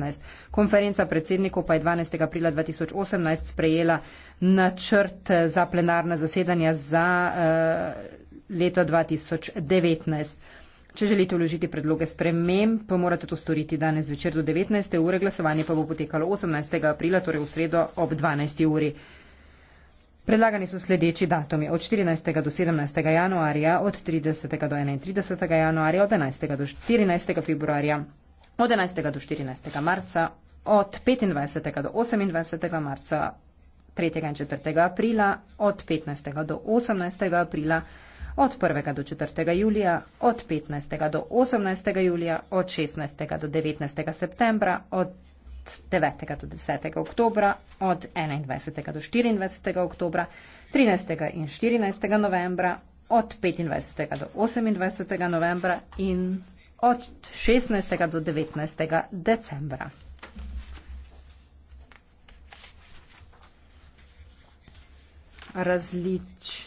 2016. Konferenca predsednikov pa je 12. aprila 2018 sprejela načrt eh, za plenarna zasedanja za eh, leto 2019. Če želite vložiti predloge sprememb, pa morate to storiti danes večer do 19. ure. Glasovanje pa bo potekalo 18. aprila, torej v sredo ob 12. uri. Predlagani so sledeči datumi od 14. do 17. januarja, od 30. do 31. januarja, od 11. do 14. februarja od 11. do 14. marca, od 25. do 28. marca, 3. in 4. aprila, od 15. do 18. aprila, od 1. do 4. julija, od 15. do 18. julija, od 16. do 19. septembra, od 9. do 10. oktobra, od 21. do 24. oktobra, 13. in 14. novembra, od 25. do 28. novembra in od 16. do 19. decembra. Različ...